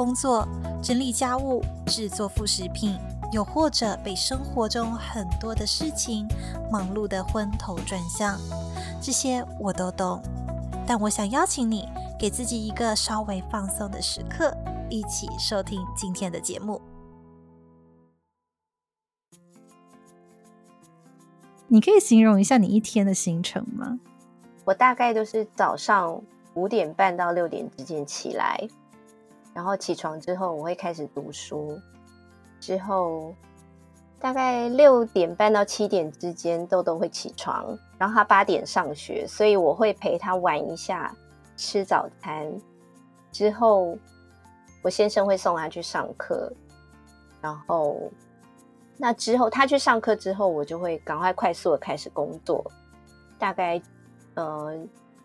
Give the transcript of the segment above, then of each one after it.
工作、整理家務、制作副食品，又或者被生活中很多的事情忙碌得昏頭轉向，這些我都懂。但我想邀請你，給自己一個稍微放鬆的時刻，一起收聽今天的節目。你可以形容一下你一天的行程嗎？我大概就是早上五點半到六點之間起來。然後起床之後，我會開始讀書。之後大概六點半到七點之間，豆豆會起床，然後他八點上學，所以我會陪他玩一下，吃早餐。之後我先生會送他去上課，然後那之後他去上課之後，我就會趕快快速的開始工作。大概呃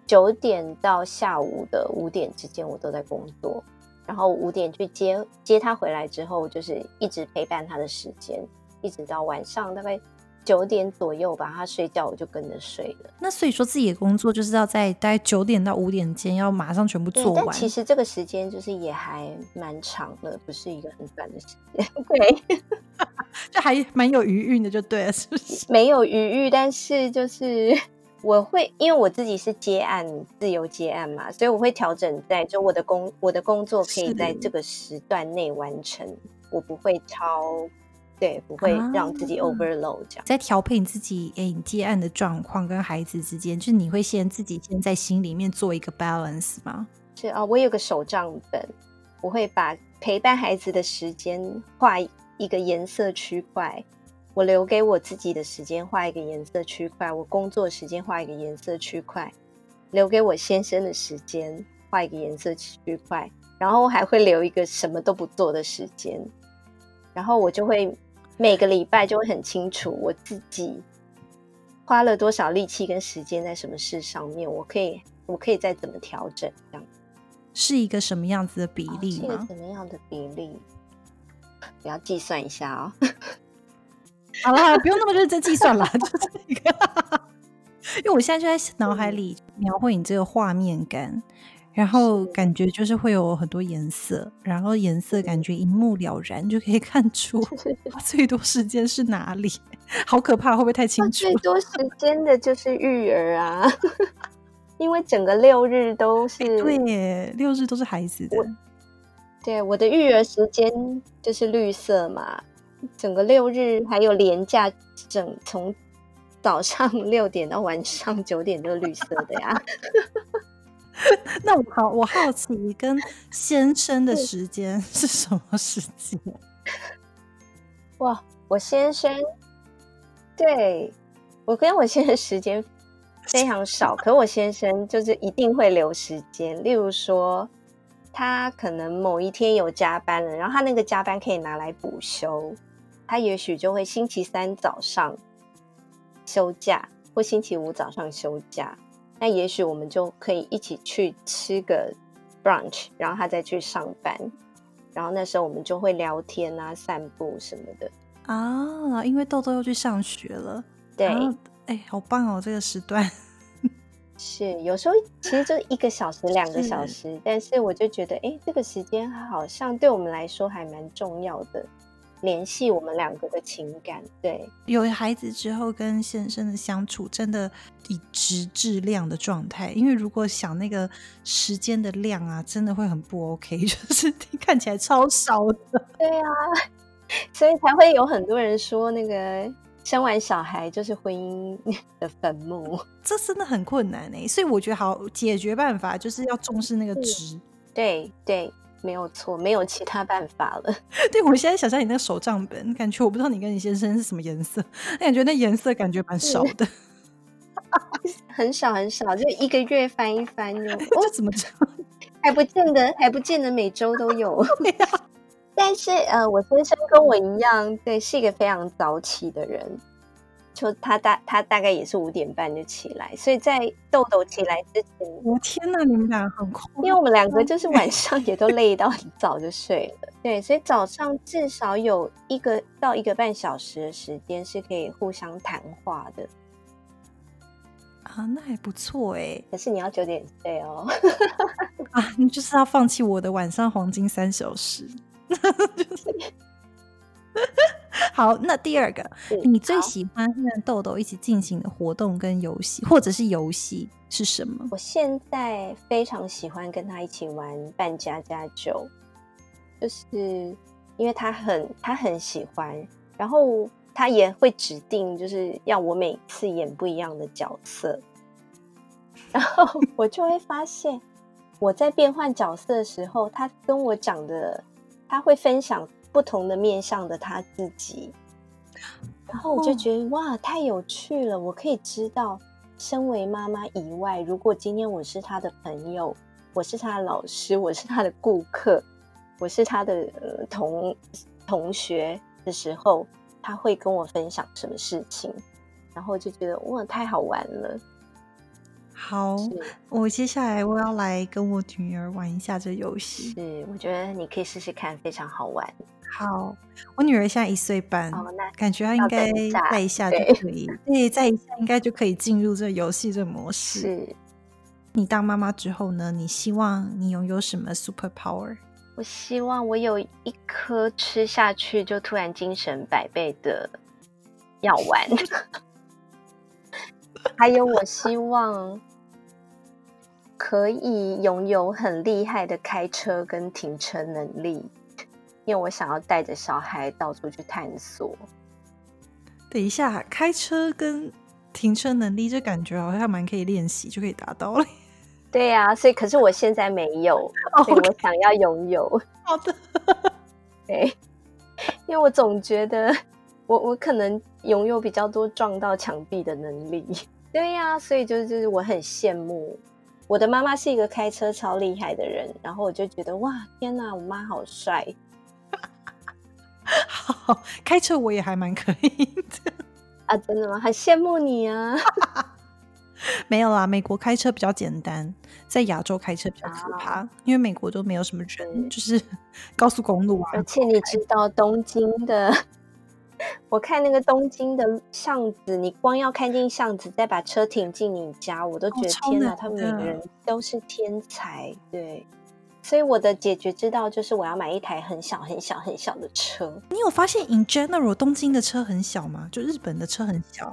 九點到下午的五點之間，我都在工作。然後五點去接接他回來之後，就是一直陪伴他的時間，一直到晚上大概九點左右吧，他睡覺我就跟着睡了。那所以說自己的工作就是要在大概九點到五點間要馬上全部做完。其實這個時間就是也還蠻長的，不是一個很短的時間。對， 就還蠻有餘裕的，就對了，是不是？沒有餘裕，但是就是。我會，因為我自己是接案自由接案嘛，所以我會調整在就我的工我的工作可以在這個時段內完成，是我不會超，對，不會讓自己 overload 這樣，啊嗯。在調配你自己誒、欸、你接案的狀況跟孩子之間，就是你會先自己先在心裡面做一個 balance 嗎？是啊，我有個手賬本，我會把陪伴孩子的時間畫一個顏色區塊。我留給我自己的時間畫一個顏色區塊，我工作時間畫一個顏色區塊，留給我先生的時間畫一個顏色區塊，然後還會留一個什麼都不做的時間，然後我就會每個禮拜就會很清楚我自己花了多少力氣跟時間在什麼事上面，我可以我可以再怎麼調整這樣。是一個什麼樣子的比例？哦，是一個什麼樣的比例？我要計算一下哦。 好了，不用那麼認真計算了， 就這一個。 因為我現在就在腦海裡描繪你這個畫面感，然後感覺就是會有很多顏色，然後顏色感覺一目了然，就可以看出最多時間是哪裡。好可怕，會不會太清楚？最多時間的就是育兒啊， 因為整個六日都是、欸、對，嗯、六日都是孩子的。對，我的育兒時間就是綠色嘛。整個六日還有連假，整從早上六點到晚上九點都綠色的呀。 那我好，我好奇你跟先生的時間是什麼時間？ 哇，我先生對，我跟我先生時間非常少，可我先生就是一定會留時間。例如說，他可能某一天有加班了，然後他那個加班可以拿來補休。他也許就會星期三早上休假，或星期五早上休假。那也許我們就可以一起去吃個 brunch，然後他再去上班，然後那時候我們就會聊天啊、散步什麼的啊。因為豆豆又去上學了。對，哎、欸，好棒哦！這個時段 是有時候其實就一個小時、兩個小時，是但是我就覺得，哎、欸，這個時間好像對我們來說還蠻重要的。聯繫我們兩個的情感，對有孩子之後跟先生的相處，真的以質質,質量的狀態，因為如果想那個時間的量啊，真的會很不 OK，就是看起來超少的。對啊，所以才會有很多人說那個生完小孩就是婚姻的墳墓，這真的很困難、欸、所以我覺得好解決辦法就是要重視那個質，對對。沒有錯，沒有其他辦法了。對，我現在想象你那個手賬本，感覺我不知道你跟你先生是什麼顏色，感覺那顏色感覺蠻少的，的啊、很少很少，就一個月翻一翻喲。哦、就怎麼着？還不見得，還不見得每週都有。 但是呃，我先生跟我一樣，對，是一個非常早起的人。就他大他大概也是五點半就起來，所以在豆豆起來之前，我天哪，你們倆很困，因為我們兩個就是晚上也都累到很早就睡了。對，所以早上至少有一個到一個半小時的時間是可以互相談話的。啊，那還不錯哎、欸。可是你要九點睡哦。 啊，你就是要放棄我的晚上黃金三小時。就是。好，那第二個，是你最喜歡跟豆豆一起進行的活動跟遊戲，好或者是遊戲是什麼？我現在非常喜歡跟他一起玩扮家家酒，就是因為他很他很喜歡，然後他也會指定就是要我每次演不一樣的角色，然後我就會發現我在變換角色的時候，他跟我講的，他會分享。不同的面向的他自己，然後我就覺得哇，太有趣了！我可以知道，身為媽媽以外，如果今天我是他的朋友，我是他的老師，我是他的顧客，我是他的、呃、同同學的時候，他會跟我分享什麼事情，然後就覺得哇，太好玩了。好，是我接下來我要來跟我女兒玩一下這遊戲。是，我覺得你可以試試看，非常好玩。好，我女兒現在一歲半，那感覺她應該再一下就可以，下對，再一下應該就可以進入這遊戲這模式。是，你當媽媽之後呢？你希望你擁有什麼 super power？我希望我有一顆吃下去就突然精神百倍的藥丸， 還有我希望。可以擁有很厲害的開車跟停車能力，因為我想要帶着小孩到處去探索。等一下，開車跟停車能力，就感覺好像蠻可以練習，就可以達到了。對呀，所以可是我現在沒有， 所以我想要擁有。好的，因為我總覺得我我可能擁有比較多撞到牆壁的能力。對呀，所以就是我很羨慕。我的媽媽是一個開車超厲害的人，然後我就覺得哇，天哪，我媽好帥！ 好，開車我也還蠻可以的啊，真的嗎？很羨慕你啊！ 沒有啦，美國開車比較簡單，在亞洲開車比較可怕，啊、因為美國都沒有什麼人，對就是高速公路、啊、而且你知道東京的？ 我看那個東京的巷子，你光要開進巷子，再把車停進你家，我都覺得天哪！他們每個人都是天才，對。所以我的解決之道就是我要買一台很小、很小、很小的車。你有發現，in general，東京的車很小嗎？就日本的車很小。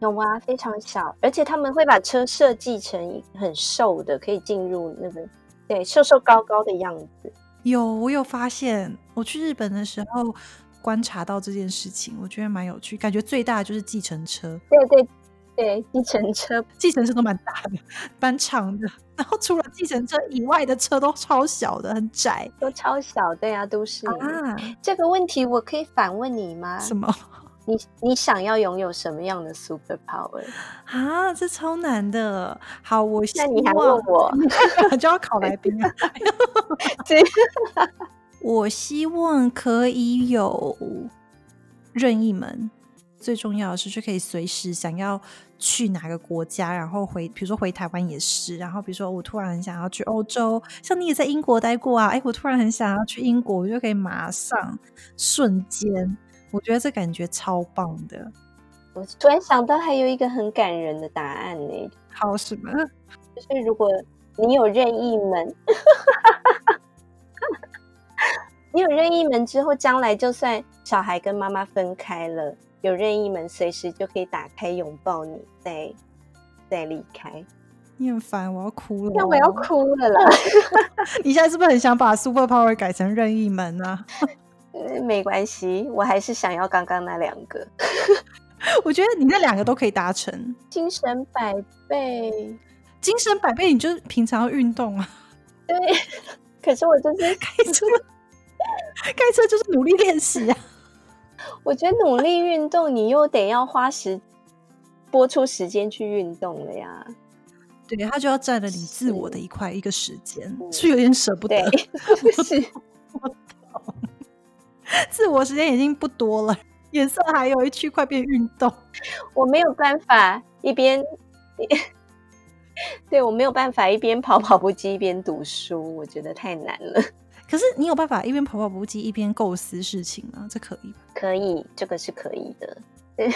有嗎？非常小，而且他們會把車設計成很瘦的，可以進入那個對瘦瘦高高的樣子。有，我有發現，我去日本的時候。觀察到這件事情，我覺得蠻有趣，感覺最大的就是計程車。對對對，計程車，計程車都蠻大的，蠻長的。然後除了計程車以外的車都超小的，很窄，都超小的呀、啊，都是。啊、這個問題我可以反問你嗎？什麼？你你想要擁有什麼樣的 super power 啊？這超難的。好，我那你還問我， 就要考來賓啊？這。 我希望可以有任意門，最重要的是，就可以隨時想要去哪個國家，然後回，比如說回台灣也是，然後比如說我突然很想要去歐洲，像你也在英國待過啊，哎、欸，我突然很想要去英國，我就可以馬上瞬間，我覺得這感覺超棒的。我突然想到還有一個很感人的答案呢、欸，好什麼？是就是如果你有任意門。 你有任意門之後，將來就算小孩跟媽媽分開了，有任意門隨時就可以打開擁抱你，再再離開。你很煩，我要哭了，喔。那我要哭了啦！ 你現在是不是很想把 Super Power 改成任意門啊？ 嗯，沒關係，我還是想要剛剛那兩個。 我覺得你那兩個都可以達成。精神百倍，精神百倍，你就是平常要運動啊。對，可是我就是開車。 開車就是努力練習啊！ 我覺得努力運動，你又得要花時，撥出時間去運動了呀。對，他就要占了你自我的一塊一個時間，是，是有點捨不得。不是，我 自我時間已經不多了，顏色還有一區塊變運動，我沒有辦法一邊，對我沒有辦法一邊跑跑步機一邊讀書，我覺得太難了。可是你有辦法一邊跑跑步機一邊構思事情嗎？這可以嗎？可以，這個是可以的。 對，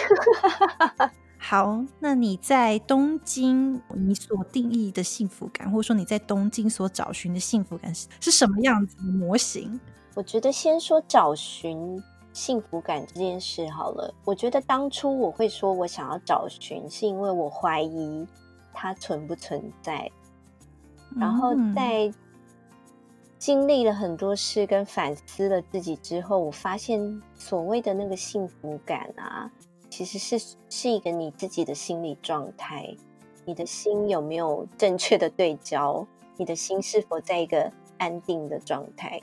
好，那你在東京，你所定義的幸福感，或者說你在東京所找尋的幸福感是是什麼樣子的模型？我覺得先說找尋幸福感這件事好了。我覺得當初我會說我想要找尋，是因為我懷疑它存不存在，然後在、嗯。經歷了很多事跟反思了自己之後，我發現所謂的那個幸福感啊，其實是是一個你自己的心理狀態，你的心有沒有正確的對焦，你的心是否在一個安定的狀態。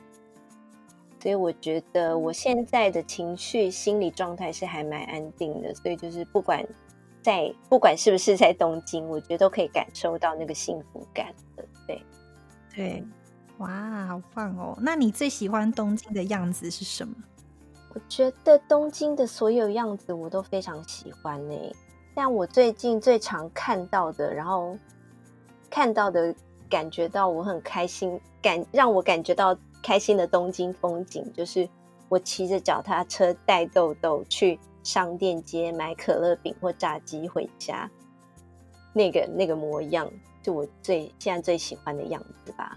所以我覺得我現在的情緒心理狀態是還蠻安定的，所以就是不管在，不管是不是在東京，我覺得都可以感受到那個幸福感的。對，對。哇，wow, 好棒哦！那你最喜歡東京的樣子是什麼？我覺得東京的所有樣子我都非常喜歡呢、欸。但我最近最常看到的，然後看到的感覺到我很開心，感讓我感覺到開心的東京風景，就是我騎着腳踏車帶豆豆去商店街買可樂餅或炸雞回家，那個那個模樣，就我最現在最喜歡的樣子吧。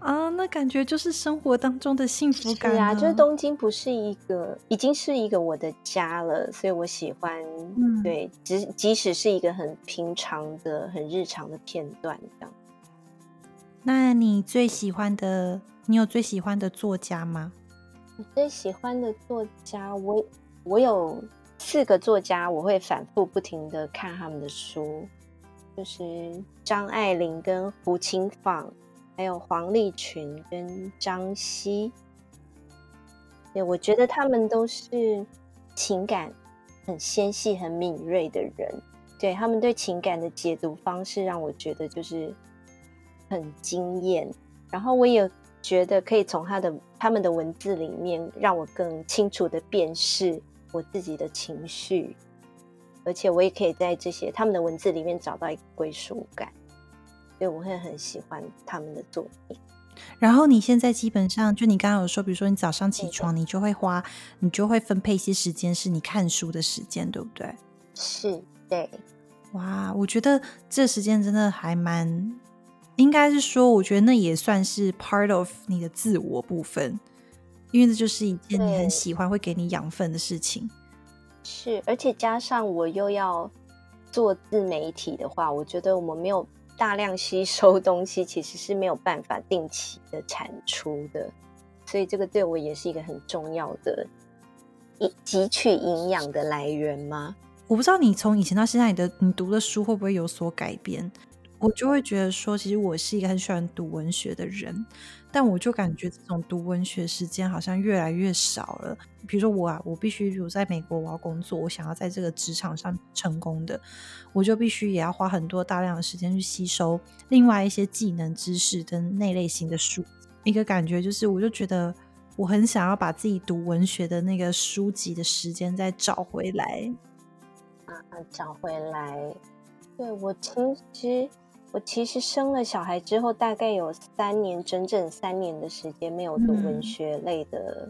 啊，uh, 那感覺就是生活當中的幸福感啊，啊！就是東京不是一個，已經是一個我的家了，所以我喜歡。嗯，對，即即使是一個很平常的、很日常的片段這樣。那你最喜歡的，你有最喜歡的作家嗎？我最喜歡的作家，我我有四個作家，我會反覆不停的看他們的書，就是張愛玲跟胡青坊。還有黃麗群跟張西，對，我覺得他們都是情感很纖細、很敏銳的人。對，他們對情感的解讀方式，讓我覺得就是很驚艷。然後，我也覺得可以從他的他們的文字裡面，讓我更清楚的辨識我自己的情緒，而且我也可以在這些他們的文字裡面找到一個歸屬感。對，我會很喜歡他們的作品。然後你現在基本上，就你剛剛有說，比如說你早上起床，對對對對對，你就會花，你就會分配一些時間是你看書的時間，對不對？是，對。哇，我覺得這時間真的還蠻，應該是說，我覺得那也算是 part of 你的自我部分，因為這就是一件你很喜歡、會給你養分的事情。是，而且加上我又要做自媒體的話，我覺得我們沒有。大量吸收東西其實是沒有辦法定期的產出的，所以這個對我也是一個很重要的，營汲取營養的來源嗎？我不知道你從以前到現在，你的你讀的書會不會有所改變？我就會覺得說，其實我是一個很喜歡讀文學的人。但我就感覺這種讀文學時間好像越來越少了。比如說我啊，我必須，比如在美國，我要工作，我想要在這個職場上成功的，我就必須也要花很多大量的時間去吸收另外一些技能、知識跟那類型的書。一個感覺就是，我就覺得我很想要把自己讀文學的那個書籍的時間再找回來。啊，找回來。對，我其實。我其實生了小孩之後，大概有三年，整整三年的時間沒有讀文學類的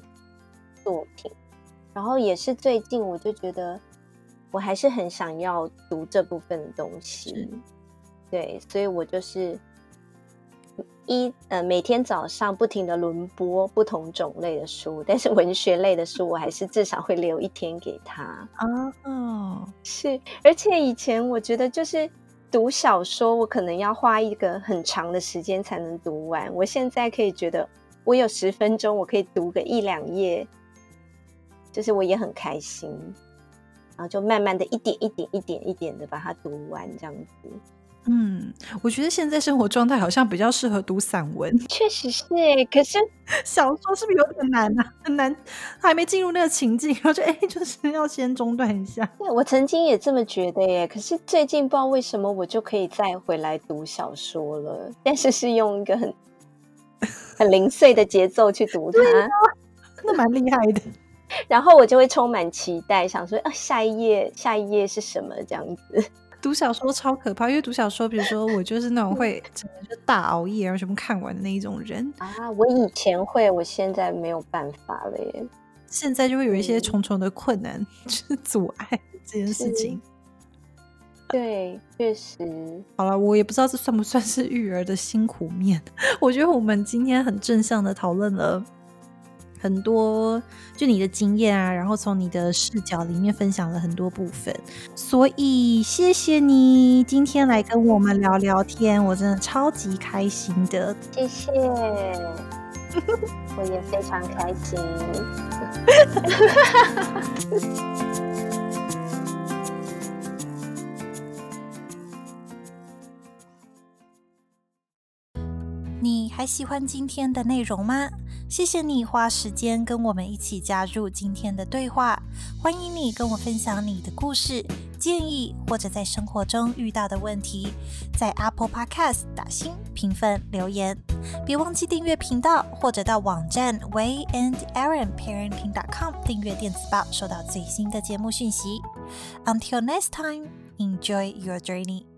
作品。嗯、然後也是最近，我就覺得我還是很想要讀這部分的東西。是。對，所以我就是一呃每天早上不停地輪播不同種類的書，但是文學類的書我還是至少會留一天給他哦，是，而且以前我覺得就是。讀小說，我可能要花一個很長的時間才能讀完。我現在可以覺得，我有十分鐘，我可以讀個一兩頁，就是我也很開心，然後就慢慢的一點一點、一點一點的把它讀完，這樣子。嗯，我覺得現在生活狀態好像比較適合讀散文，確實是。可是小說是不是有點難啊？很難，還沒進入那個情境，然後就哎，就是要先中斷一下對。我曾經也這麼覺得耶，可是最近不知道為什麼我就可以再回來讀小說了，但是是用一個很很零碎的節奏去讀它，那 啊、蠻厲害的。然後我就會充滿期待，想說啊，下一頁，下一頁是什麼這樣子。讀小說超可怕，因為讀小說，比如說我就是那種會整天就大熬夜，而且不看完的那一種人啊。我以前會，我現在沒有辦法了耶。現在就會有一些重重的困難對去阻礙這件事情。對，確實。好了，我也不知道這算不算是育兒的辛苦面。 我覺得我們今天很正向的討論了。很多，就你的經驗啊，然後從你的視角裡面分享了很多部分，所以謝謝你今天來跟我們聊聊天，我真的超級開心的。謝謝， 我也非常開心。哈哈哈。你還喜歡今天的內容嗎？謝謝你花時間跟我們一起加入今天的對話。歡迎你跟我分享你的故事、建議或者在生活中遇到的問題。在 Apple Podcast 打星、評分、留言，別忘記訂閱頻道或者到網站 Wei and Erin Parenting dot com 訂閱電子報，收到最新的節目訊息。Until next time, enjoy your journey.